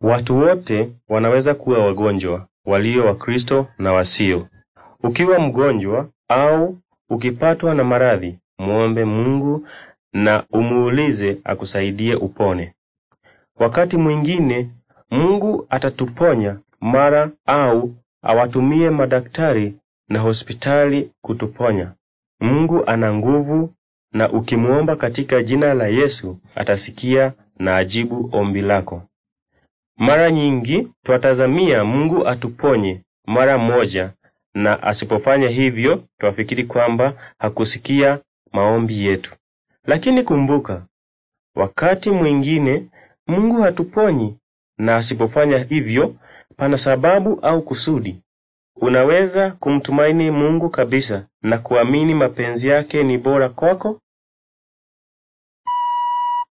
Watu wote wanaweza kuwa wagonjwa, walio Wakristo na wasio. Ukiwa mgonjwa au ukipatwa na maradhi, muombe Mungu na umuulize akusaidie upone. Wakati mwingine Mungu atatuponya mara au awatumie madaktari na hospitali kutuponya. Mungu ana nguvu, na ukimuomba katika jina la Yesu atasikia na ajibu ombi lako. Mara nyingi twatazamia Mungu atuponye mara moja na asipofanya hivyo twafikiri kwamba hakusikia maombi yetu. Lakini kumbuka, wakati mwingine Mungu hatuponyi na asipofanya hivyo pana sababu au kusudi. Unaweza kumtumaini Mungu kabisa na kuamini mapenzi yake ni bora kwako